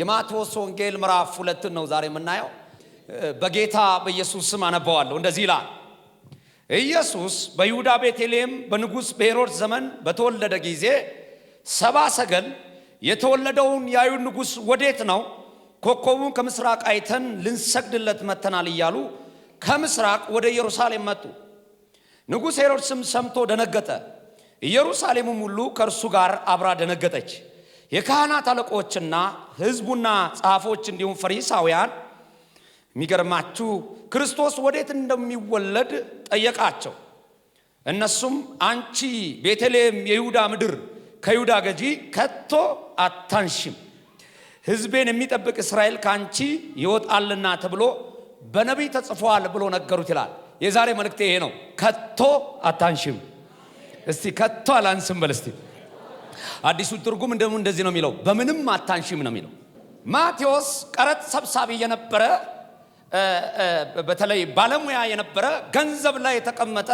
የማቴዎስ ወንጌል ምዕራፍ ሁለትን ነው ዛሬ የምናየው። በጌታ በኢየሱስ ስም አነበዋለሁ። እንደዚህ ይላል። ኢየሱስ በይሁዳ ቤተልሔም በንጉሥ በሄሮድስ ዘመን በተወለደ ጊዜ ሰባ ሰገል የተወለደውን የአይሁድ ንጉሥ ወዴት ነው? ኮከቡን ከምስራቅ አይተን ልንሰግድለት መጥተናል እያሉ ከምስራቅ ወደ ኢየሩሳሌም መጡ። ንጉሥ ሄሮድስም ሰምቶ ደነገጠ፣ ኢየሩሳሌምም ሁሉ ከእርሱ ጋር አብራ ደነገጠች። የካህናት አለቆችና ህዝቡና ጻፎች እንዲሁም ፈሪሳውያን የሚገርማችሁ ክርስቶስ ወዴት እንደሚወለድ ጠየቃቸው። እነሱም አንቺ ቤተልሔም የይሁዳ ምድር ከይሁዳ ገጂ ከቶ አታንሽም፣ ህዝቤን የሚጠብቅ እስራኤል ከአንቺ ይወጣልና ተብሎ በነቢይ ተጽፏል ብሎ ነገሩት ይላል። የዛሬ መልእክቴ ይሄ ነው። ከቶ አታንሽም። እስቲ ከቶ አላንስም በል እስቲ አዲሱ ትርጉም እንደሙ እንደዚህ ነው የሚለው፣ በምንም አታንሺም ነው የሚለው። ማቴዎስ ቀረጥ ሰብሳቢ የነበረ በተለይ ባለሙያ የነበረ ገንዘብ ላይ የተቀመጠ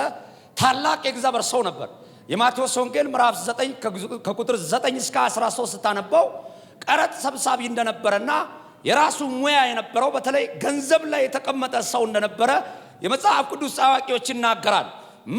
ታላቅ የእግዚአብሔር ሰው ነበር። የማቴዎስ ወንጌል ምዕራፍ 9 ከቁጥር 9 እስከ 13 ስታነባው ቀረጥ ሰብሳቢ እንደነበረና የራሱ ሙያ የነበረው በተለይ ገንዘብ ላይ የተቀመጠ ሰው እንደነበረ የመጽሐፍ ቅዱስ አዋቂዎች ይናገራል።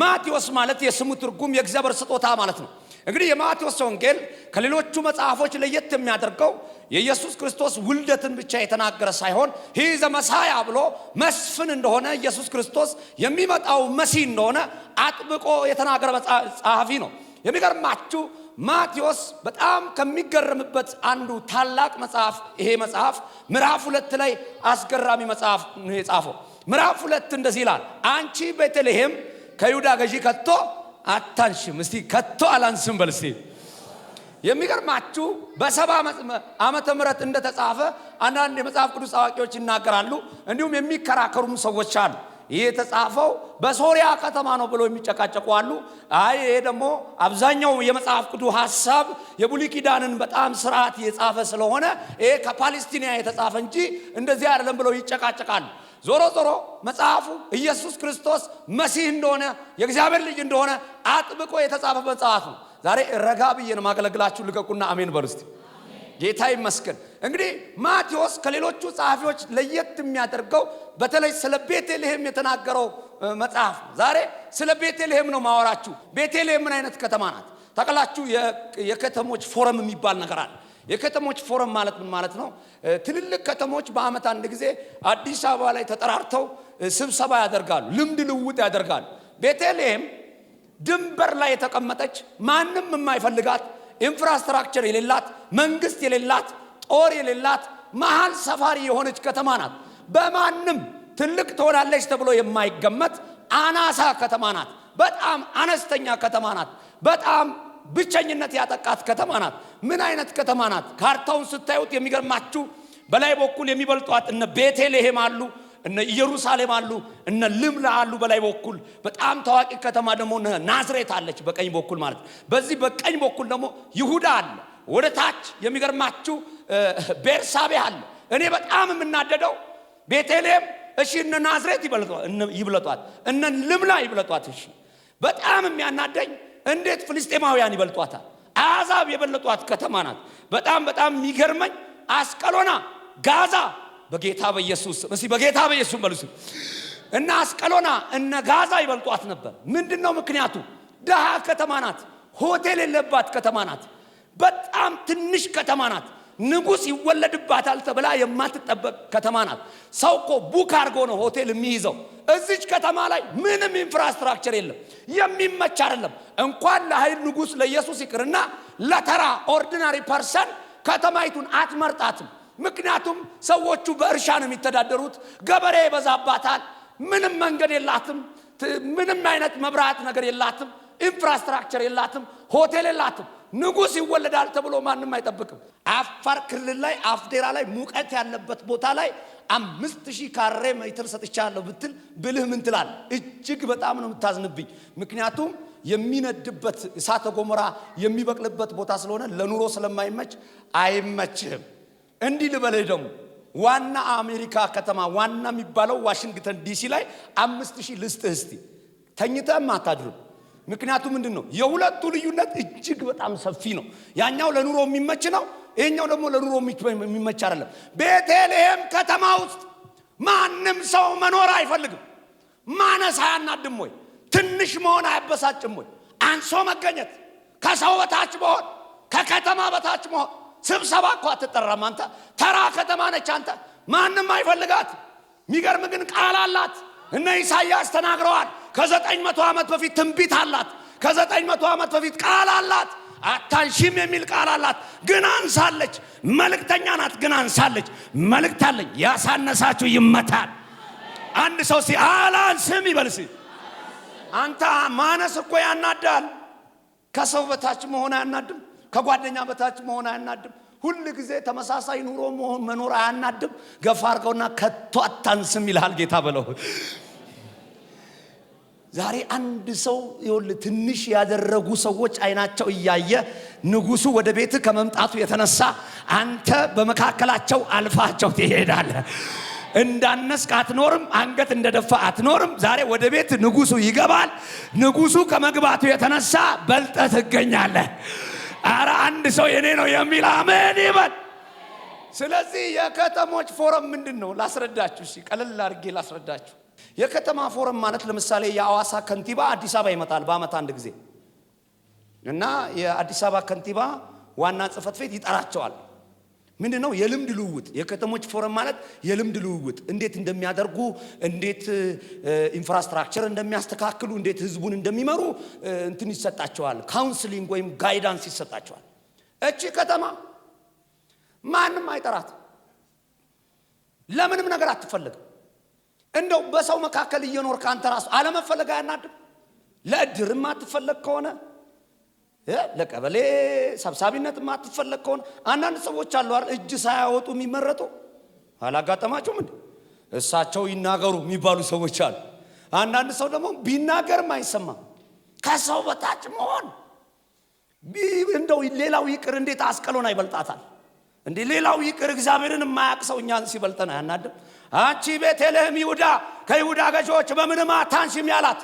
ማቴዎስ ማለት የስሙ ትርጉም የእግዚአብሔር ስጦታ ማለት ነው። እንግዲህ የማቴዎስ ወንጌል ከሌሎቹ መጽሐፎች ለየት የሚያደርገው የኢየሱስ ክርስቶስ ውልደትን ብቻ የተናገረ ሳይሆን ይህ መሳያ ብሎ መስፍን እንደሆነ ኢየሱስ ክርስቶስ የሚመጣው መሲህ እንደሆነ አጥብቆ የተናገረ ጸሐፊ ነው። የሚገርማችሁ ማቴዎስ በጣም ከሚገርምበት አንዱ ታላቅ መጽሐፍ ይሄ መጽሐፍ ምዕራፍ ሁለት ላይ አስገራሚ መጽሐፍ ነው የጻፈው። ምዕራፍ ሁለት እንደዚህ ይላል፣ አንቺ ቤተልሔም ከይሁዳ ገዢ ከቶ አታንሽም። እስቲ ከቶ አላንስም በል እስቲ። የሚገርማችሁ በሰባ ዓመተ ምህረት እንደተጻፈ አንዳንድ የመጽሐፍ ቅዱስ አዋቂዎች ይናገራሉ። እንዲሁም የሚከራከሩም ሰዎች አሉ። ይህ የተጻፈው በሶሪያ ከተማ ነው ብለው የሚጨቃጨቁ አሉ። አይ ይሄ ደግሞ አብዛኛው የመጽሐፍ ቅዱስ ሀሳብ የብሉይ ኪዳንን በጣም ስርዓት የጻፈ ስለሆነ ይሄ ከፓሌስቲና የተጻፈ እንጂ እንደዚህ አይደለም ብለው ይጨቃጨቃሉ። ዞሮ ዞሮ መጽሐፉ ኢየሱስ ክርስቶስ መሲህ እንደሆነ የእግዚአብሔር ልጅ እንደሆነ አጥብቆ የተጻፈ መጽሐፍ ነው። ዛሬ ረጋ ብዬ ነው ማገለግላችሁ። ልቀቁና አሜን በሉ እስቲ። ጌታ ይመስገን። እንግዲህ ማቴዎስ ከሌሎቹ ጸሐፊዎች ለየት የሚያደርገው በተለይ ስለ ቤተልሔም የተናገረው መጽሐፍ ነው። ዛሬ ስለ ቤተልሔም ነው ማወራችሁ። ቤተልሔም ምን አይነት ከተማ ናት? ታውቃላችሁ? የከተሞች ፎረም የሚባል ነገር አለ። የከተሞች ፎረም ማለት ምን ማለት ነው? ትልልቅ ከተሞች በዓመት አንድ ጊዜ አዲስ አበባ ላይ ተጠራርተው ስብሰባ ያደርጋሉ፣ ልምድ ልውውጥ ያደርጋሉ። ቤተልሔም ድንበር ላይ የተቀመጠች ማንም የማይፈልጋት ኢንፍራስትራክቸር የሌላት መንግስት የሌላት ጦር የሌላት መሀል ሰፋሪ የሆነች ከተማ ናት። በማንም ትልቅ ትሆናለች ተብሎ የማይገመት አናሳ ከተማ ናት። በጣም አነስተኛ ከተማ ናት። በጣም ብቸኝነት ያጠቃት ከተማ ናት። ምን አይነት ከተማ ናት? ካርታውን ስታዩት የሚገርማችሁ በላይ በኩል የሚበልጧት እነ ቤቴልሔም አሉ፣ እነ ኢየሩሳሌም አሉ፣ እነ ልምላ አሉ። በላይ በኩል በጣም ታዋቂ ከተማ ደግሞ ናዝሬት አለች፣ በቀኝ በኩል ማለት ነው። በዚህ በቀኝ በኩል ደግሞ ይሁዳ አለ። ወደ ታች የሚገርማችሁ ቤርሳቤ አለ። እኔ በጣም የምናደደው ቤተልሔም እሺ፣ እነ ናዝሬት ይብለጧት፣ እነ ልምላ ይብለጧት። እሺ፣ በጣም የሚያናደኝ እንዴት ፍልስጤማውያን ይበልጧታል? አሕዛብ የበለጧት ከተማ ናት። በጣም በጣም የሚገርመኝ አስቀሎና ጋዛ በጌታ በኢየሱስ እሺ፣ በጌታ በኢየሱስ በሉስ እና አስቀሎና እነ ጋዛ ይበልጧት ነበር። ምንድን ነው ምክንያቱ? ድሃ ከተማ ናት። ሆቴል የለባት ከተማ ናት። በጣም ትንሽ ከተማ ናት። ንጉስ ይወለድባታል ተብላ የማትጠበቅ ከተማ ናት። ሰው እኮ ቡክ አድርጎ ነው ሆቴል የሚይዘው። እዚች ከተማ ላይ ምንም ኢንፍራስትራክቸር የለም፣ የሚመች አይደለም። እንኳን ለኃይል ንጉሥ ለኢየሱስ ይቅርና ለተራ ኦርዲናሪ ፐርሰን ከተማይቱን አትመርጣትም። ምክንያቱም ሰዎቹ በእርሻ ነው የሚተዳደሩት። ገበሬ ይበዛባታል። ምንም መንገድ የላትም። ምንም አይነት መብራት ነገር የላትም። ኢንፍራስትራክቸር የላትም። ሆቴል የላትም። ንጉሥ ይወለዳል ተብሎ ማንም አይጠብቅም። አፋር ክልል ላይ አፍዴራ ላይ ሙቀት ያለበት ቦታ ላይ አምስት ሺህ ካሬ ሜትር ሰጥቻለሁ ብትል ብልህ ምን ትላል? እጅግ በጣም ነው የምታዝንብኝ። ምክንያቱም የሚነድበት እሳተ ገሞራ የሚበቅልበት ቦታ ስለሆነ ለኑሮ ስለማይመች አይመችህም። እንዲህ ልበልህ ደግሞ ዋና አሜሪካ ከተማ ዋና የሚባለው ዋሽንግተን ዲሲ ላይ አምስት ሺህ ልስጥህ እስቲ ተኝተህም አታድርም። ምክንያቱ ምንድን ነው? የሁለቱ ልዩነት እጅግ በጣም ሰፊ ነው። ያኛው ለኑሮ የሚመች ነው፣ ይሄኛው ደግሞ ለኑሮ የሚመች አይደለም። ቤተልሔም ከተማ ውስጥ ማንም ሰው መኖር አይፈልግም። ማነስ አያናድም ወይ? ትንሽ መሆን አያበሳጭም ወይ? አንሶ መገኘት፣ ከሰው በታች መሆን፣ ከከተማ በታች መሆን። ስብሰባ እኮ አትጠራም አንተ። ተራ ከተማ ነች አንተ። ማንም አይፈልጋት። የሚገርም ግን ቃል አላት። እነ ኢሳያስ ተናግረዋል። ከዘጠኝ መቶ ዓመት በፊት ትንቢት አላት። ከዘጠኝ መቶ ዓመት በፊት ቃል አላት። አታንሺም የሚል ቃል አላት፣ ግን አንሳለች። መልእክተኛ ናት፣ ግን አንሳለች። መልእክት አለኝ። ያሳነሳችሁ ይመታል። አንድ ሰው ሲ አላንስም ይበልስ። አንተ ማነስ እኮ ያናዳል። ከሰው በታች መሆን አያናድም። ከጓደኛ በታች መሆን አያናድም። ሁል ጊዜ ተመሳሳይ ኑሮ መኖር አያናድም። ገፋ አርገውና ከቶ አታንስም ይልሃል ጌታ በለው። ዛሬ አንድ ሰው ይኸውልህ ትንሽ ያደረጉ ሰዎች አይናቸው እያየ ንጉሱ ወደ ቤት ከመምጣቱ የተነሳ አንተ በመካከላቸው አልፋቸው ትሄዳለህ። እንዳነስክ አትኖርም። አንገት እንደደፋ አትኖርም። ዛሬ ወደ ቤት ንጉሱ ይገባል። ንጉሱ ከመግባቱ የተነሳ በልጠ ትገኛለህ። አረ አንድ ሰው የኔ ነው የሚል አሜን ይበል። ስለዚህ የከተሞች ፎረም ምንድን ነው ላስረዳችሁ። ቀለል አድርጌ ላስረዳችሁ የከተማ ፎረም ማለት ለምሳሌ የአዋሳ ከንቲባ አዲስ አበባ ይመጣል በአመት አንድ ጊዜ እና የአዲስ አበባ ከንቲባ ዋና ጽህፈት ቤት ይጠራቸዋል። ምንድ ነው የልምድ ልውውጥ። የከተሞች ፎረም ማለት የልምድ ልውውጥ እንዴት እንደሚያደርጉ፣ እንዴት ኢንፍራስትራክቸር እንደሚያስተካክሉ፣ እንዴት ህዝቡን እንደሚመሩ እንትን ይሰጣቸዋል። ካውንስሊንግ ወይም ጋይዳንስ ይሰጣቸዋል። እቺ ከተማ ማንም አይጠራት፣ ለምንም ነገር አትፈልግም። እንደው በሰው መካከል እየኖር ከአንተ ራሱ አለመፈለግ አያናድም? ለእድር የማትፈለግ ከሆነ ለቀበሌ ሰብሳቢነት የማትፈለግ ከሆነ አንዳንድ ሰዎች አሉ አይደል እጅ ሳያወጡ የሚመረጡ አላጋጠማችሁም? እንደ እሳቸው ይናገሩ የሚባሉ ሰዎች አሉ። አንዳንድ ሰው ደግሞ ቢናገርም አይሰማም። ከሰው በታች መሆን እንደው ሌላው ይቅር እንዴት አስቀሎን ይበልጣታል እንዴ! ሌላው ይቅር እግዚአብሔርን የማያቅ ሰው እኛን ሲበልጠን አያናድም? አንቺ ቤተልሔም ይሁዳ ከይሁዳ ገዦች በምንም አታንሽም ያላት።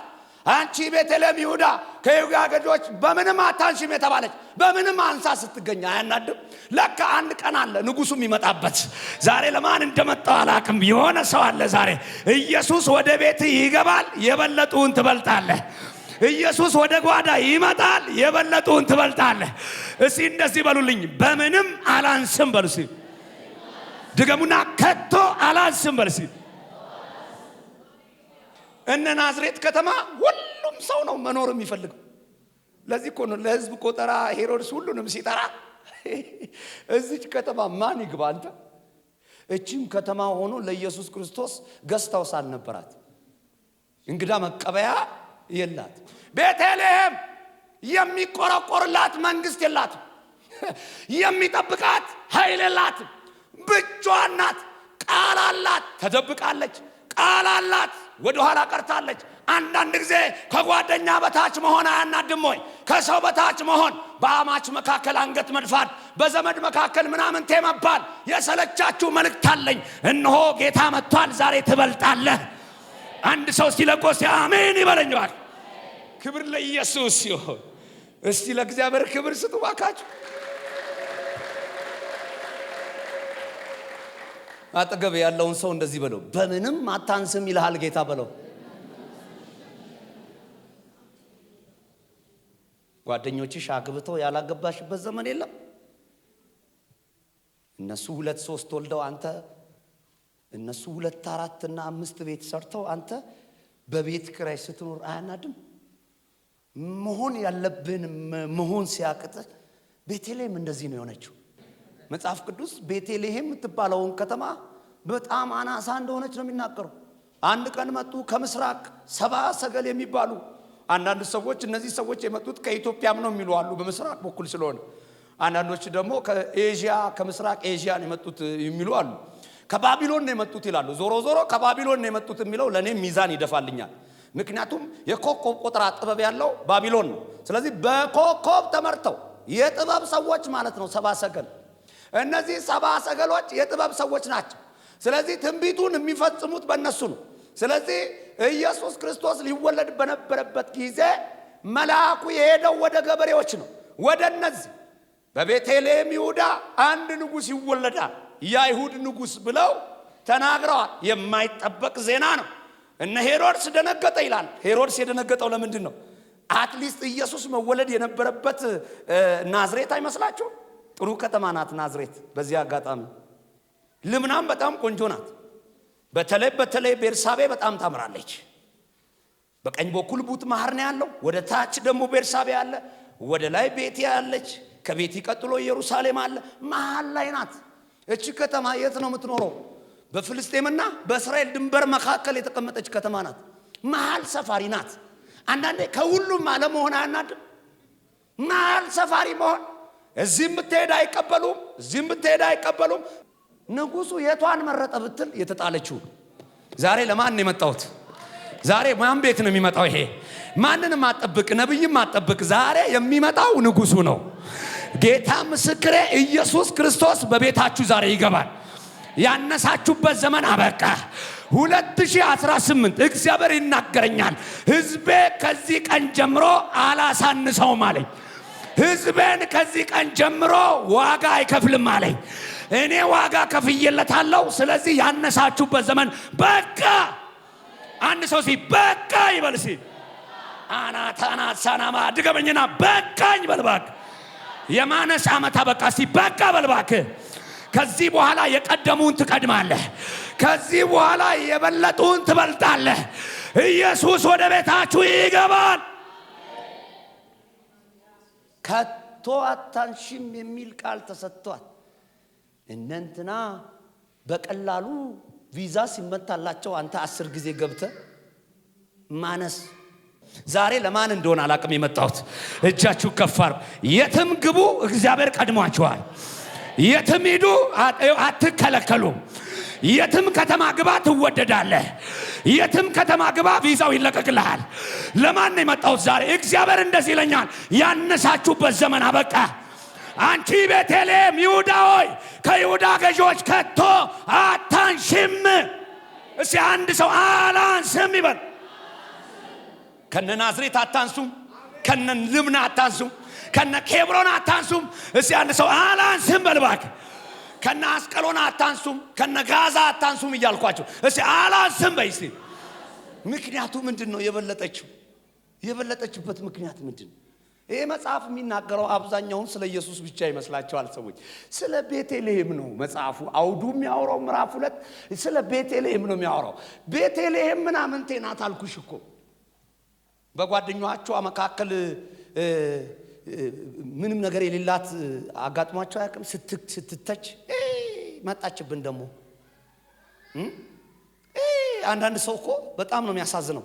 አንቺ ቤተልሔም ይሁዳ ከይሁዳ ገዦች በምንም አታንሽም የተባለች በምንም አንሳ ስትገኝ አያናድም። ለካ አንድ ቀን አለ ንጉሱም ይመጣበት። ዛሬ ለማን እንደመጣው አላቅም። የሆነ ሰው አለ ዛሬ ኢየሱስ ወደ ቤት ይገባል፣ የበለጡን ትበልጣለህ። ኢየሱስ ወደ ጓዳ ይመጣል፣ የበለጡን ትበልጣለህ። እስኪ እንደዚህ በሉልኝ፣ በምንም አላንስም በሉ ድገሙና ከቶ አላዝም በል ሲል እነ ናዝሬት ከተማ ሁሉም ሰው ነው መኖር የሚፈልገው። ለዚህ እኮ ነው ለህዝብ ቆጠራ ሄሮድስ ሁሉንም ሲጠራ እዚች ከተማ ማን ይግባ አንተ። እቺም ከተማ ሆኖ ለኢየሱስ ክርስቶስ ገዝታውስ አልነበራት፣ እንግዳ መቀበያ የላት፣ ቤተልሔም የሚቆረቆርላት መንግስት የላትም፣ የሚጠብቃት ኃይል የላትም። ብቻዋን ናት። ቃል አላት፣ ተደብቃለች። ቃል አላት፣ ወደ ኋላ ቀርታለች። አንዳንድ ጊዜ ከጓደኛ በታች መሆን አያናድም ወይ? ከሰው በታች መሆን፣ በአማች መካከል አንገት መድፋት፣ በዘመድ መካከል ምናምንቴ መባል የሰለቻችሁ መልእክት አለኝ። እነሆ ጌታ መጥቷል፣ ዛሬ ትበልጣለህ። አንድ ሰው እስቲ ለቆሴ አሜን ይበለኛል። ክብር ለኢየሱስ ይሁን። እስቲ ለእግዚአብሔር ክብር ስጡ ባካችሁ። አጠገብ ያለውን ሰው እንደዚህ በለው፣ በምንም አታንስም ይልሃል ጌታ በለው። ጓደኞችሽ አግብተው ያላገባሽበት ዘመን የለም። እነሱ ሁለት ሶስት ወልደው አንተ እነሱ ሁለት አራት እና አምስት ቤት ሰርተው አንተ በቤት ክራይ ስትኖር አያናድም? መሆን ያለብን መሆን ሲያቅጥ ቤተልሔም እንደዚህ ነው የሆነችው። መጽሐፍ ቅዱስ ቤቴልሔም የምትባለውን ከተማ በጣም አናሳ እንደሆነች ነው የሚናገረው። አንድ ቀን መጡ ከምስራቅ ሰባ ሰገል የሚባሉ አንዳንድ ሰዎች እነዚህ ሰዎች የመጡት ከኢትዮጵያም ነው የሚሉ አሉ፣ በምስራቅ በኩል ስለሆነ። አንዳንዶች ደግሞ ከኤዥያ ከምስራቅ ኤዥያ ነው የመጡት የሚሉ አሉ። ከባቢሎን ነው የመጡት ይላሉ። ዞሮ ዞሮ ከባቢሎን ነው የመጡት የሚለው ለእኔ ሚዛን ይደፋልኛል። ምክንያቱም የኮከብ ቆጠራ ጥበብ ያለው ባቢሎን ነው። ስለዚህ በኮከብ ተመርተው የጥበብ ሰዎች ማለት ነው ሰባ ሰገል እነዚህ ሰባ ሰገሎች የጥበብ ሰዎች ናቸው። ስለዚህ ትንቢቱን የሚፈጽሙት በእነሱ ነው። ስለዚህ ኢየሱስ ክርስቶስ ሊወለድ በነበረበት ጊዜ መልአኩ የሄደው ወደ ገበሬዎች ነው። ወደ እነዚህ በቤተልሔም ይሁዳ አንድ ንጉሥ ይወለዳል፣ የአይሁድ ንጉሥ ብለው ተናግረዋል። የማይጠበቅ ዜና ነው። እነ ሄሮድስ ደነገጠ ይላል። ሄሮድስ የደነገጠው ለምንድን ነው? አትሊስት ኢየሱስ መወለድ የነበረበት ናዝሬት አይመስላችሁም? ጥሩ ከተማ ናት ናዝሬት። በዚህ አጋጣሚ ልምናም በጣም ቆንጆ ናት። በተለይ በተለይ ቤርሳቤ በጣም ታምራለች። በቀኝ በኩል ቡት ማህር ነው ያለው። ወደ ታች ደግሞ ቤርሳቤ አለ። ወደ ላይ ቤት ያለች ከቤት ቀጥሎ ኢየሩሳሌም አለ። መሀል ላይ ናት። እቺ ከተማ የት ነው የምትኖረው? በፍልስጤምና በእስራኤል ድንበር መካከል የተቀመጠች ከተማ ናት። መሀል ሰፋሪ ናት። አንዳንዴ ከሁሉም አለመሆን አያናድም? መሀል ሰፋሪ መሆን እዚህ ብትሄድ አይቀበሉም፣ እዚህም ብትሄድ አይቀበሉም። ንጉሱ የቷን መረጠ ብትል የተጣለችው። ዛሬ ለማን የመጣሁት? ዛሬ ማን ቤት ነው የሚመጣው? ይሄ ማንንም አጠብቅ፣ ነቢይም አጠብቅ። ዛሬ የሚመጣው ንጉሱ ነው። ጌታ ምስክሬ፣ ኢየሱስ ክርስቶስ በቤታችሁ ዛሬ ይገባል። ያነሳችሁበት ዘመን አበቃ። 2018 እግዚአብሔር ይናገረኛል። ሕዝቤ ከዚህ ቀን ጀምሮ አላሳንሰውም አለኝ። ህዝቤን ከዚህ ቀን ጀምሮ ዋጋ አይከፍልም አለኝ። እኔ ዋጋ ከፍዬለታለሁ። ስለዚህ ያነሳችሁበት ዘመን በቃ። አንድ ሰው ሲ በቃ ይበል ሲ አናታና ሳናማ ድገመኝና በቃኝ በልባክ የማነስ ዓመት በቃ ሲ በቃ በልባክ ከዚህ በኋላ የቀደሙን ትቀድማለህ። ከዚህ በኋላ የበለጡን ትበልጣለህ። ኢየሱስ ወደ ቤታችሁ ይገባል። ከቶ አታንሽም የሚል ቃል ተሰጥቷል። እነንትና በቀላሉ ቪዛ ሲመታላቸው አንተ አስር ጊዜ ገብተ ማነስ ዛሬ ለማን እንደሆነ አላቅም የመጣሁት እጃችሁ ከፋር የትም ግቡ እግዚአብሔር ቀድሟችኋል የትም ሂዱ አትከለከሉ የትም ከተማ ግባ ትወደዳለህ የትም ከተማ ግባ፣ ቪዛው ይለቀቅልሃል። ለማን የመጣሁት ዛሬ? እግዚአብሔር እንደዚህ ይለኛል፣ ያነሳችሁበት ዘመን አበቃ። አንቺ ቤተልሔም ይሁዳ ሆይ ከይሁዳ ገዢዎች ከቶ አታንሽም። እስቲ አንድ ሰው አላንስም ይበል። ከነ ናዝሬት አታንሱም፣ ከነ ልምና አታንሱም፣ ከነ ኬብሮን አታንሱም። እስቲ አንድ ሰው አላንስም በልባክ ከነ አስቀሎና አታንሱም፣ ከነ ጋዛ አታንሱም እያልኳቸው እስ አላንስም በይ። ምክንያቱ ምንድን ነው? የበለጠችው የበለጠችበት ምክንያት ምንድን ነው? ይሄ መጽሐፍ የሚናገረው አብዛኛውን ስለ ኢየሱስ ብቻ ይመስላቸዋል ሰዎች። ስለ ቤተልሔም ነው መጽሐፉ አውዱ የሚያወራው ምዕራፍ ሁለት ስለ ቤተልሔም ነው የሚያወራው። ቤተልሔም ምናምንቴ ናት አልኩሽ እኮ በጓደኛቿ መካከል ምንም ነገር የሌላት አጋጥሟቸው አያውቅም። ስትተች መጣችብን ደግሞ አንዳንድ ሰው እኮ በጣም ነው የሚያሳዝነው።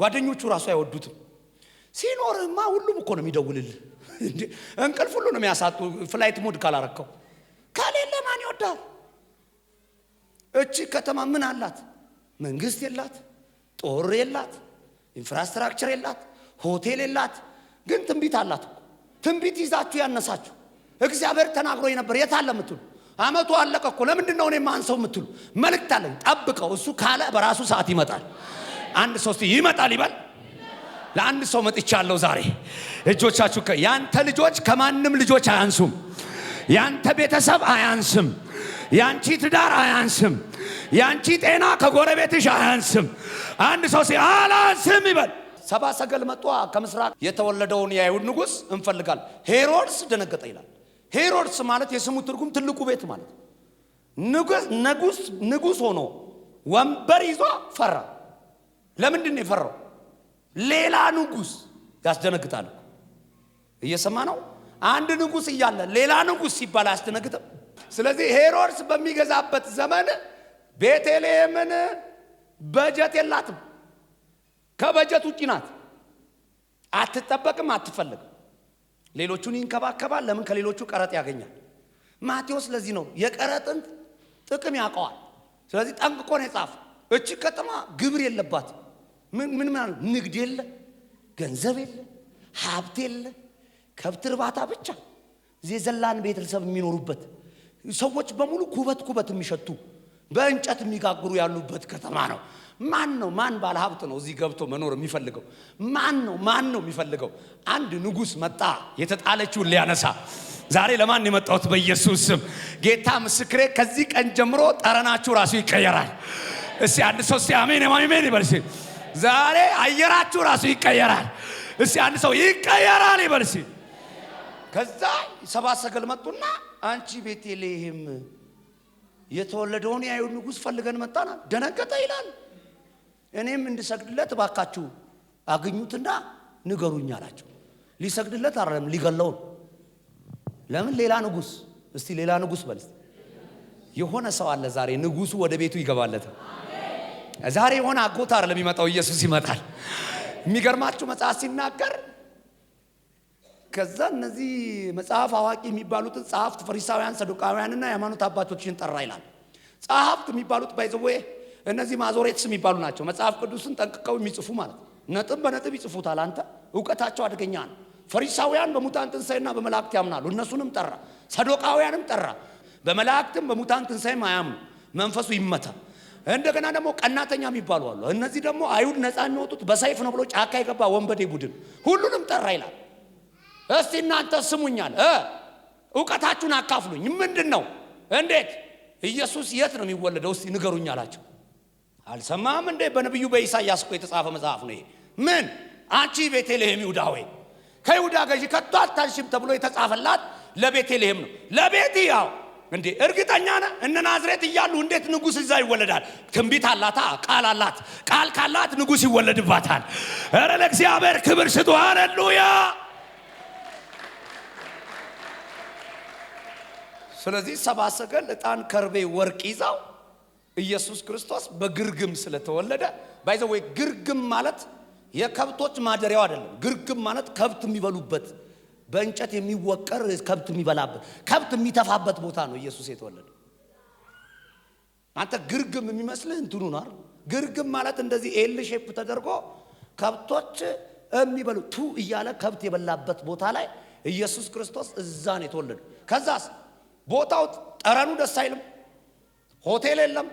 ጓደኞቹ ራሱ አይወዱትም። ሲኖርማ ሁሉም እኮ ነው የሚደውልል? እንቅልፍ ሁሉ ነው የሚያሳጡ። ፍላይት ሞድ ካላረከው ከሌለ ማን ይወዳል? እቺ ከተማ ምን አላት? መንግስት የላት፣ ጦር የላት፣ ኢንፍራስትራክቸር የላት፣ ሆቴል የላት ግን ትንቢት አላት። ትንቢት ይዛችሁ ያነሳችሁ እግዚአብሔር ተናግሮ ነበር የታለ ምትሉ አመቱ አለቀ እኮ ለምንድን ነው እኔ ማንሰው የምትሉ መልእክት አለኝ። ጠብቀው እሱ ካለ በራሱ ሰዓት ይመጣል። አንድ ሰው ይመጣል ይበል። ለአንድ ሰው መጥቻለሁ ዛሬ። እጆቻችሁ ያንተ ልጆች ከማንም ልጆች አያንሱም። ያንተ ቤተሰብ አያንስም። ያንቺ ትዳር አያንስም። ያንቺ ጤና ከጎረቤትሽ አያንስም። አንድ ሰው ሲ አላንስም ይበል። ሰባ ሰገል መጥቶ ከምስራቅ የተወለደውን የአይሁድ ንጉሥ እንፈልጋል ሄሮድስ ደነገጠ ይላል። ሄሮድስ ማለት የስሙ ትርጉም ትልቁ ቤት ማለት ንጉስ ንጉስ ሆኖ ወንበር ይዞ ፈራ። ለምንድን ነው የፈራው? ሌላ ንጉስ ያስደነግጣል። እየሰማ ነው። አንድ ንጉስ እያለ ሌላ ንጉስ ሲባል አያስደነግጥም? ስለዚህ ሄሮድስ በሚገዛበት ዘመን ቤተልሔምን በጀት የላትም። ከበጀት ውጪ ናት። አትጠበቅም፣ አትፈልግም። ሌሎቹን ይንከባከባል። ለምን? ከሌሎቹ ቀረጥ ያገኛል። ማቴዎስ ለዚህ ነው የቀረጥን ጥቅም ያውቀዋል። ስለዚህ ጠንቅቆ ነው የጻፈ። እቺ ከተማ ግብር የለባት። ምን ምን ንግድ የለ፣ ገንዘብ የለ፣ ሀብት የለ፣ ከብት እርባታ ብቻ ዜዘላን የዘላን ቤተሰብ የሚኖሩበት ሰዎች በሙሉ ኩበት ኩበት የሚሸቱ በእንጨት የሚጋግሩ ያሉበት ከተማ ነው። ማን ነው ማን ባለ ሀብት ነው እዚህ ገብቶ መኖር የሚፈልገው? ማን ነው ማን ነው የሚፈልገው? አንድ ንጉስ መጣ የተጣለችውን ሊያነሳ። ዛሬ ለማን የመጣሁት? በኢየሱስ ስም ጌታ ምስክሬ፣ ከዚህ ቀን ጀምሮ ጠረናችሁ ራሱ ይቀየራል። እስ አንድ ሰው ስ አሜን አሜን ይበልሲ ዛሬ አየራችሁ ራሱ ይቀየራል። እስ አንድ ሰው ይቀየራል ይበልሲ ከዛ ሰባት ሰገል መጡና አንቺ ቤተልሔም የተወለደውን የአይሁድ ንጉሥ ፈልገን መጣና ደነገጠ ይላል እኔም እንድሰግድለት እባካችሁ አግኙትና ንገሩኝ አላቸው። ሊሰግድለት አይደለም ሊገለውን። ለምን ሌላ ንጉስ፣ እስቲ ሌላ ንጉስ በል። የሆነ ሰው አለ ዛሬ ንጉሱ ወደ ቤቱ ይገባለት? ዛሬ የሆነ አጎት አይደለም የሚመጣው፣ ኢየሱስ ይመጣል። የሚገርማችሁ መጽሐፍ ሲናገር ከዛ እነዚህ መጽሐፍ አዋቂ የሚባሉትን ጸሐፍት ፈሪሳውያን፣ ሰዱቃውያንና የሃይማኖት አባቶችን ጠራ ይላል። ጸሐፍት የሚባሉት ባይዘዌ እነዚህ ማዞሬትስ የሚባሉ ናቸው። መጽሐፍ ቅዱስን ጠንቅቀው የሚጽፉ ማለት ነው። ነጥብ በነጥብ ይጽፉታል። አንተ እውቀታቸው አደገኛ ነው። ፈሪሳውያን በሙታን ትንሣኤና በመላእክት ያምናሉ። እነሱንም ጠራ፣ ሰዶቃውያንም ጠራ። በመላእክትም በሙታን ትንሣኤም አያምኑ። መንፈሱ ይመታ። እንደገና ደግሞ ቀናተኛ የሚባሉ አሉ። እነዚህ ደግሞ አይሁድ ነፃ የሚወጡት በሰይፍ ነው ብሎ ጫካ የገባ ወንበዴ ቡድን ሁሉንም ጠራ ይላል። እስቲ እናንተ ስሙኛል፣ እውቀታችሁን አካፍሉኝ። ምንድን ነው እንዴት ኢየሱስ የት ነው የሚወለደው? እስቲ ንገሩኝ አላቸው። አልሰማም እንዴ? በነቢዩ በኢሳያስ እኮ የተጻፈ መጽሐፍ ነው ይሄ። ምን አንቺ ቤተልሔም ይሁዳ ወይ ከይሁዳ ገዢ ከቶ አታንሽም ተብሎ የተጻፈላት ለቤተልሔም ነው። ለቤት ያው እንዴ እርግጠኛ ነህ? እነ ናዝሬት እያሉ እንዴት ንጉሥ እዛ ይወለዳል? ትንቢት አላታ፣ ቃል አላት። ቃል ካላት ንጉሥ ይወለድባታል። ኧረ ለእግዚአብሔር ክብር ስጡ። ሃሌሉያ። ስለዚህ ሰብአ ሰገል ከርቤ፣ ወርቅ ይዛው ኢየሱስ ክርስቶስ በግርግም ስለተወለደ ባይዘ ግርግም ማለት የከብቶች ማደሪያው አይደለም። ግርግም ማለት ከብት የሚበሉበት በእንጨት የሚወቀር ከብት የሚበላበት ከብት የሚተፋበት ቦታ ነው ኢየሱስ የተወለደ። አንተ ግርግም የሚመስልህ እንትኑ ነው ግርግም ማለት እንደዚህ ኤል ሼፕ ተደርጎ ከብቶች የሚበሉ ቱ እያለ ከብት የበላበት ቦታ ላይ ኢየሱስ ክርስቶስ እዛ ነው የተወለደ። ከዛስ ቦታው ጠረኑ ደስ አይልም። ሆቴል የለም።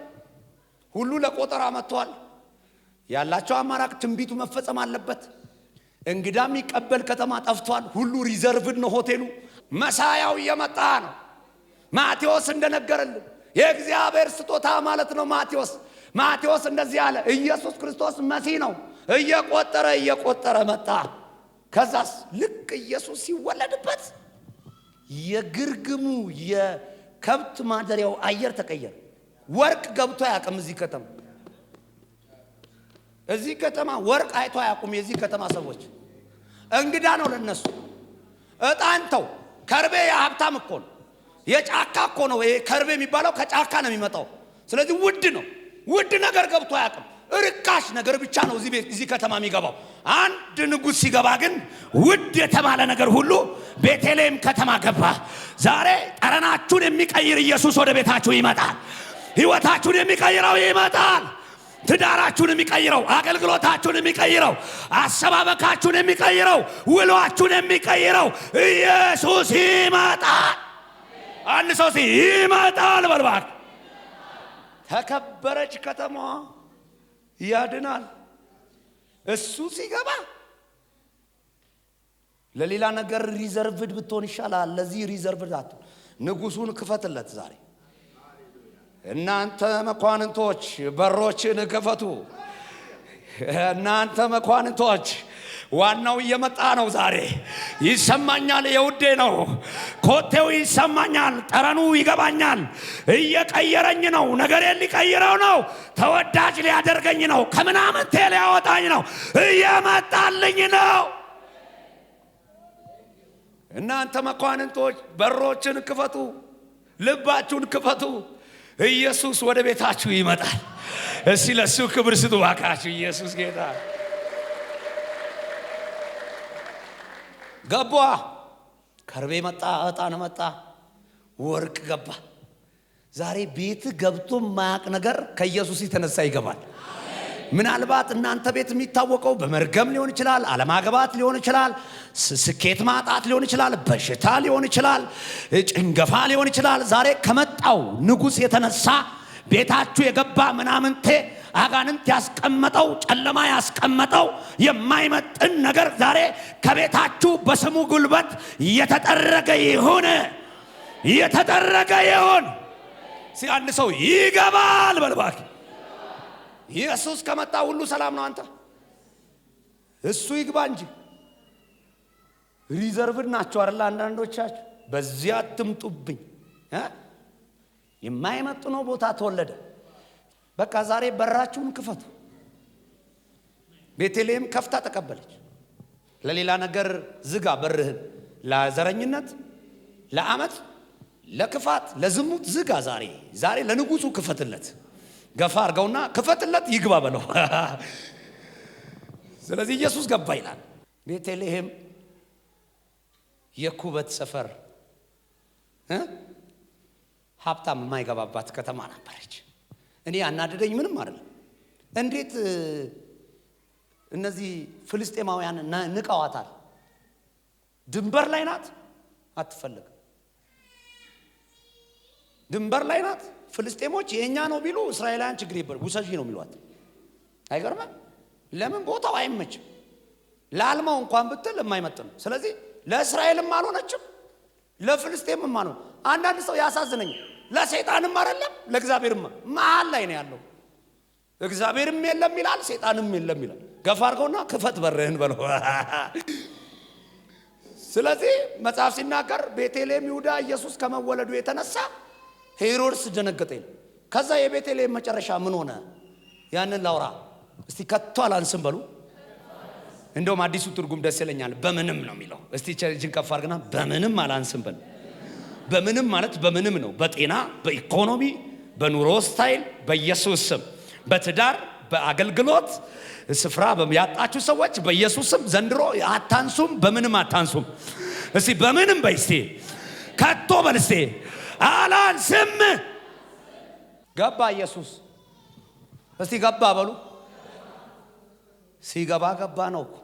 ሁሉ ለቆጠራ መጥተዋል። ያላቸው አማራቅ ትንቢቱ መፈጸም አለበት። እንግዳ የሚቀበል ከተማ ጠፍቷል። ሁሉ ሪዘርቭድ ነው ሆቴሉ። መሳያው እየመጣ ነው። ማቴዎስ እንደነገረልን የእግዚአብሔር ስጦታ ማለት ነው። ማቴዎስ ማቴዎስ እንደዚህ አለ። ኢየሱስ ክርስቶስ መሲህ ነው። እየቆጠረ እየቆጠረ መጣ። ከዛስ ልክ ኢየሱስ ሲወለድበት የግርግሙ የከብት ማደሪያው አየር ተቀየረ። ወርቅ ገብቶ አያውቅም። እዚህ ከተማ እዚህ ከተማ ወርቅ አይቶ አያውቁም። የዚህ ከተማ ሰዎች እንግዳ ነው ለነሱ። እጣን ከርቤ የሀብታም እኮ ነው፣ የጫካ እኮ ነው። ይሄ ከርቤ የሚባለው ከጫካ ነው የሚመጣው። ስለዚህ ውድ ነው። ውድ ነገር ገብቶ አያውቅም። ርካሽ ነገር ብቻ ነው እዚህ ቤት እዚህ ከተማ የሚገባው። አንድ ንጉሥ ሲገባ ግን ውድ የተባለ ነገር ሁሉ ቤተልሔም ከተማ ገባ። ዛሬ ጠረናችሁን የሚቀይር ኢየሱስ ወደ ቤታችሁ ይመጣል። ህይወታችሁን የሚቀይረው ይመጣል። ትዳራችሁን የሚቀይረው፣ አገልግሎታችሁን የሚቀይረው፣ አሰባበካችሁን የሚቀይረው፣ ውሏችሁን የሚቀይረው ኢየሱስ ይመጣል። አንድ ሰው ሲ ይመጣል በልባክ ተከበረች ከተማ ያድናል። እሱ ሲገባ ለሌላ ነገር ሪዘርቭድ ብትሆን ይሻላል። ለዚህ ሪዘርቭድ ንጉሱን ክፈትለት ዛሬ እናንተ መኳንንቶች በሮችን ክፈቱ። እናንተ መኳንንቶች ዋናው እየመጣ ነው። ዛሬ ይሰማኛል፣ የውዴ ነው። ኮቴው ይሰማኛል፣ ጠረኑ ይገባኛል። እየቀየረኝ ነው፣ ነገሬ ሊቀይረው ነው፣ ተወዳጅ ሊያደርገኝ ነው፣ ከምናምንቴ ሊያወጣኝ ነው፣ እየመጣልኝ ነው። እናንተ መኳንንቶች በሮችን ክፈቱ፣ ልባችሁን ክፈቱ። ኢየሱስ ወደ ቤታችሁ ይመጣል። እስቲ ለሱ ክብር ስጡ ባካችሁ። ኢየሱስ ጌታ ገቧ። ከርቤ መጣ፣ እጣን መጣ፣ ወርቅ ገባ። ዛሬ ቤት ገብቶ ማያቅ ነገር ከኢየሱስ የተነሳ ይገባል። ምናልባት እናንተ ቤት የሚታወቀው በመርገም ሊሆን ይችላል፣ አለማግባት ሊሆን ይችላል፣ ስኬት ማጣት ሊሆን ይችላል፣ በሽታ ሊሆን ይችላል፣ ጭንገፋ ሊሆን ይችላል። ዛሬ ከመጣው ንጉሥ የተነሳ ቤታችሁ የገባ ምናምንቴ አጋንንት ያስቀመጠው ጨለማ ያስቀመጠው የማይመጥን ነገር ዛሬ ከቤታችሁ በስሙ ጉልበት እየተጠረገ ይሁን፣ እየተጠረገ ይሁን። አንድ ሰው ይገባል በልባክ ኢየሱስ ከመጣ ሁሉ ሰላም ነው። አንተ እሱ ይግባ እንጂ ሪዘርቭድ ናቸው አይደል? አንዳንዶቻችሁ በዚያ አትምጡብኝ። የማይመጥነው ቦታ ተወለደ። በቃ ዛሬ በራችሁን ክፈቱ። ቤተልሔም ከፍታ ተቀበለች። ለሌላ ነገር ዝጋ በርህን፣ ለዘረኝነት፣ ለአመት፣ ለክፋት፣ ለዝሙት ዝጋ። ዛሬ ዛሬ ለንጉሱ ክፈትለት። ገፋ አድርገውና ክፈትለት ይግባ በለው። ስለዚህ ኢየሱስ ገባ ይላል። ቤተልሔም የኩበት ሰፈር ሀብታም የማይገባባት ከተማ ነበረች። እኔ አናደደኝ ምንም አይደለም። እንዴት እነዚህ ፍልስጤማውያን ንቀዋታል። ድንበር ላይ ናት፣ አትፈልግም። ድንበር ላይ ናት ፍልስጤሞች የእኛ ነው ቢሉ እስራኤላውያን ችግር ይበር ውሰጂ ነው የሚሏት። አይገርምም? ለምን ቦታው አይመችም። ለአልማው እንኳን ብትል የማይመጥን ነው። ስለዚህ ለእስራኤልም አልሆነችም፣ ለፍልስጤም አልሆነ። አንዳንድ ሰው ያሳዝነኝ፣ ለሰይጣንም አይደለም ለእግዚአብሔርም መሀል ላይ ነው ያለው። እግዚአብሔርም የለም ይላል፣ ሰይጣንም የለም ይላል። ገፋ አድርገውና ክፈት በርህን በለው። ስለዚህ መጽሐፍ ሲናገር ቤተልሔም ይሁዳ ኢየሱስ ከመወለዱ የተነሳ ሄሮድስ ደነገጠ። ከዛ የቤተልሔም መጨረሻ ምን ሆነ? ያንን ላውራ እስቲ ከቶ አላንስም በሉ። እንደውም አዲሱ ትርጉም ደስ ይለኛል። በምንም ነው የሚለው። እስቲ ቸርጅን ከፍ አድርግና በምንም አላንስም በል። በምንም ማለት በምንም ነው። በጤና፣ በኢኮኖሚ፣ በኑሮ ስታይል፣ በኢየሱስ ስም፣ በትዳር፣ በአገልግሎት ስፍራ ያጣችሁ ሰዎች በኢየሱስ ስም ዘንድሮ አታንሱም። በምንም አታንሱም። እስቲ በምንም በይ እስቲ ከቶ በል እስቲ አላንስም። ገባ ኢየሱስ። እስቲ ገባ በሉ። ሲገባ ገባ ነው እኮ።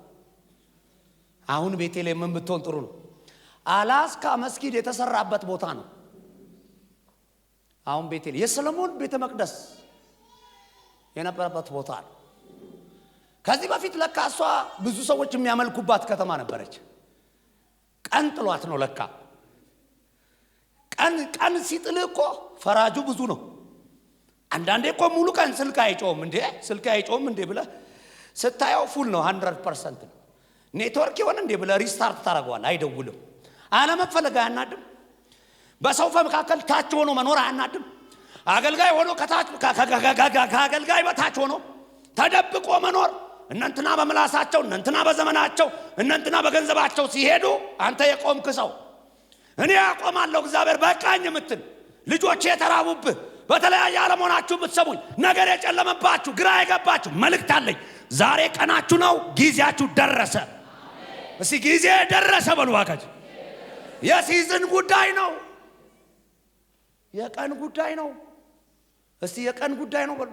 አሁን ቤተልሔም ምን ብትሆን ጥሩ ነው? አላስካ መስጊድ የተሰራበት ቦታ ነው። አሁን ቤተልሔም የሰለሞን ቤተ መቅደስ የነበረበት ቦታ ነው። ከዚህ በፊት ለካ እሷ ብዙ ሰዎች የሚያመልኩባት ከተማ ነበረች። ቀን ጥሏት ነው ለካ ቀን ቀን ሲጥል እኮ ፈራጁ ብዙ ነው። አንዳንዴ እኮ ሙሉ ቀን ስልክ አይጮውም እንዴ ስልክ አይጮውም እንዴ ብለ ስታየው ፉል ነው፣ ሀንድረድ ፐርሰንት ነው። ኔትወርክ ይሆን እንዴ ብለ ሪስታርት ታደርገዋለህ። አይደውልም። አለመፈለግ አያናድም። በሰው መካከል ታች ሆኖ መኖር አያናድም። አገልጋይ ሆኖ ከአገልጋይ በታች ሆኖ ተደብቆ መኖር እነንትና በምላሳቸው እነንትና በዘመናቸው እነንትና በገንዘባቸው ሲሄዱ አንተ የቆምክ ሰው እኔ ያቆማለሁ እግዚአብሔር በቃኝ የምትል ልጆቼ የተራቡብህ በተለያየ አለመሆናችሁ የምትሰሙኝ ነገር የጨለመባችሁ ግራ የገባችሁ መልእክት አለኝ። ዛሬ ቀናችሁ ነው። ጊዜያችሁ ደረሰ። እስቲ ጊዜ ደረሰ በሉ እባካችሁ። የሲዝን ጉዳይ ነው። የቀን ጉዳይ ነው። እስቲ የቀን ጉዳይ ነው በሉ።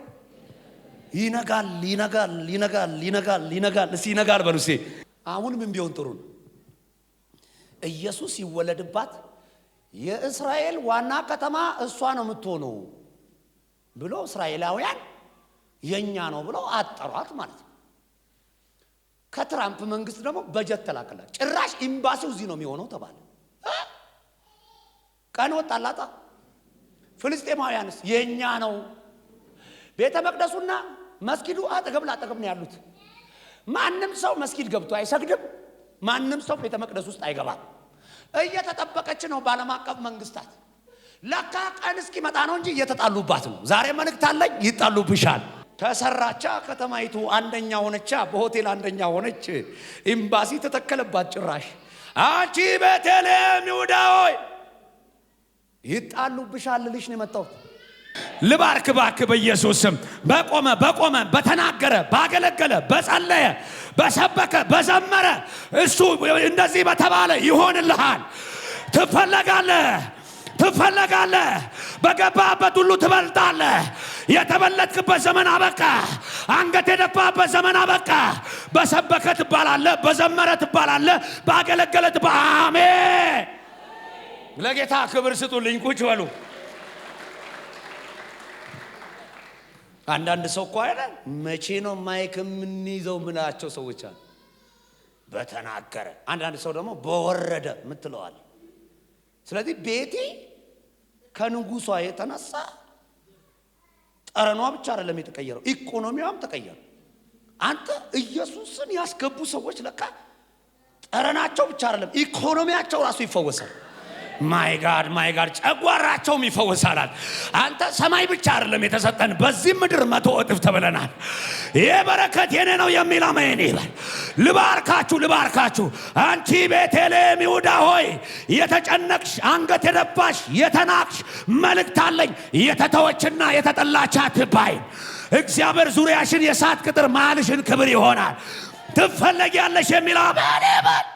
ይነጋል፣ ይነጋል፣ ይነጋል፣ ይነጋል፣ ይነጋል። እስቲ ይነጋል በሉ። እስቲ አሁን ምን ቢሆን ጥሩ ነው ኢየሱስ ይወለድባት የእስራኤል ዋና ከተማ እሷ ነው የምትሆነው ብሎ እስራኤላውያን የእኛ ነው ብለው አጠሯት ማለት ነው። ከትራምፕ መንግስት ደግሞ በጀት ተላከላት። ጭራሽ ኤምባሲው እዚህ ነው የሚሆነው ተባለ። ቀን ወጣላጣ። ፍልስጤማውያንስ የእኛ ነው። ቤተ መቅደሱና መስጊዱ አጠገብ ላጠገብ ነው ያሉት። ማንም ሰው መስጊድ ገብቶ አይሰግድም። ማንም ሰው ቤተ መቅደስ ውስጥ አይገባም። እየተጠበቀች ነው በዓለም አቀፍ መንግስታት። ለካ ቀን እስኪመጣ ነው እንጂ እየተጣሉባት ነው። ዛሬ መልእክት አለኝ፣ ይጣሉብሻል። ተሰራቻ ከተማይቱ አንደኛ ሆነቻ፣ በሆቴል አንደኛ ሆነች። ኤምባሲ ተተከለባት ጭራሽ። አንቺ ቤተልሔም ይሁዳ ሆይ ይጣሉብሻል ልልሽ ነው የመጣሁት። ልባርክ ባክ በኢየሱስ ስም በቆመ በቆመ በተናገረ ባገለገለ በጸለየ በሰበከ በዘመረ እሱ እንደዚህ በተባለ ይሆንልሃል። ትፈለጋለ ትፈለጋለ በገባበት ሁሉ ትበልጣለ። የተበለጥክበት ዘመን አበቃ። አንገት የደፋበት ዘመን አበቃ። በሰበከ ትባላለ በዘመረ ትባላለ በአገለገለ ትባ አሜን። ለጌታ ክብር ስጡልኝ። ቁጭ በሉ። አንዳንድ ሰው እኮ አይደል መቼ ነው ማይክ የምንይዘው ምላቸው ሰዎች አሉ። በተናገረ አንዳንድ ሰው ደግሞ በወረደ ምትለዋል። ስለዚህ ቤቲ ከንጉሷ የተነሳ ጠረኗ ብቻ አይደለም የተቀየረው፣ ኢኮኖሚዋም ተቀየረ። አንተ ኢየሱስን ያስገቡ ሰዎች ለካ ጠረናቸው ብቻ አይደለም ኢኮኖሚያቸው ራሱ ይፈወሳል። ማይጋድ ማይጋድ ጨጓራቸውም ይፈወሳላል። አንተ ሰማይ ብቻ አይደለም የተሰጠን፣ በዚህ ምድር መቶ እጥፍ ተብለናል። ይሄ በረከት የኔ ነው የሚል አሜን ይበል። ልባርካችሁ ልባርካችሁ። አንቺ ቤተልሔም ይሁዳ ሆይ የተጨነቅሽ አንገት የደባሽ የተናቅሽ መልእክት አለኝ። የተተወችና የተጠላች አትባይ። እግዚአብሔር ዙሪያሽን የእሳት ቅጥር መሃልሽን ክብር ይሆናል። ትፈለጊያለሽ የሚል አሜን ይበል።